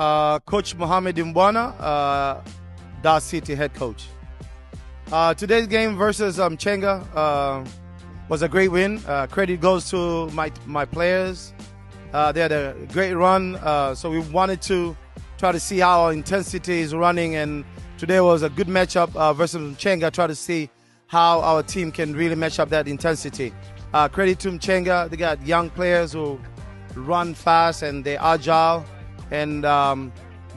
Uh, coach Mohamed Mbwana, uh, Dar City head coach. Uh, today's game versus um, Chenga uh, was a great win. Uh, credit goes to my my players. Uh, they had a great run, uh, so we wanted to try to see how our intensity is running. And today was a good matchup versus Chenga. Try to see how our team can really match up that intensity. credit to Chenga. They got young players who run fast and they're agile. and um,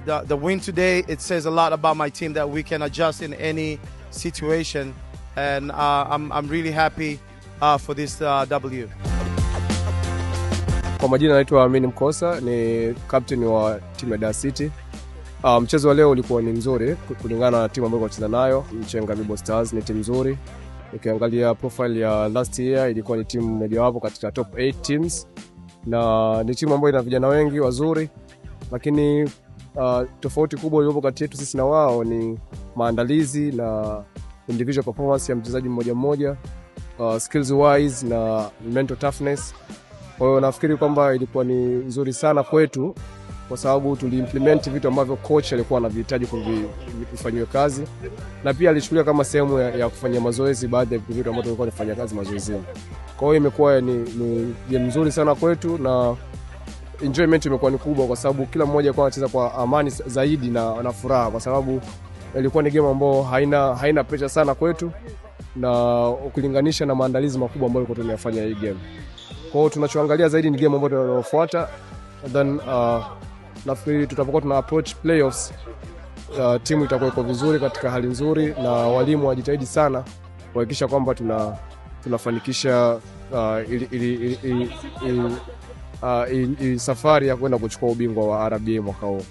the, the win today it says a lot about my team that we can adjust in any situation and uh, I'm, I'm really happy uh, for this uh, W. Kwa majina naitwa Amin Mkosa, ni captain wa timu ya Dar City. Uh, mchezo wa leo ulikuwa ni mzuri kulingana na timu ambayo tunacheza nayo. Mchenga Mimbo Stars ni timu nzuri, ukiangalia profile ya last year ilikuwa ni timu mojawapo katika top 8 teams, na ni timu ambayo ina vijana wengi wazuri lakini uh, tofauti kubwa iliyopo kati yetu sisi na wao ni maandalizi na individual performance ya mchezaji mmoja mmoja, uh, skills wise na mental toughness. Kwa hiyo nafikiri kwamba ilikuwa ni nzuri sana kwetu kwa sababu tuliimplement vitu ambavyo coach alikuwa anavihitaji kuvifanyiwe kazi, na pia alichukulia kama sehemu ya, ya kufanya mazoezi baadhi ya vitu ambavyo tulikuwa tunafanya kazi mazoezini. Kwa hiyo imekuwa ni, ni game nzuri sana kwetu na enjoyment imekuwa ni kubwa, kwa sababu kila mmoja alikuwa anacheza kwa amani zaidi na, na furaha, kwa sababu ilikuwa ni game ambayo haina, haina pressure sana kwetu na ukilinganisha na maandalizi makubwa ambayo ilikuwa tunayafanya hii game. Kwa hiyo tunachoangalia zaidi ni game ambayo tunayofuata then uh, nafikiri tutapokuwa tuna approach playoffs uh, timu itakuwa iko vizuri katika hali nzuri, na walimu wajitahidi sana kuhakikisha kwamba tuna tunafanikisha uh, ili, ili, ili, ili, ili, uh, ah, in, in safari ya kwenda kuchukua ubingwa wa RBA mwaka huu.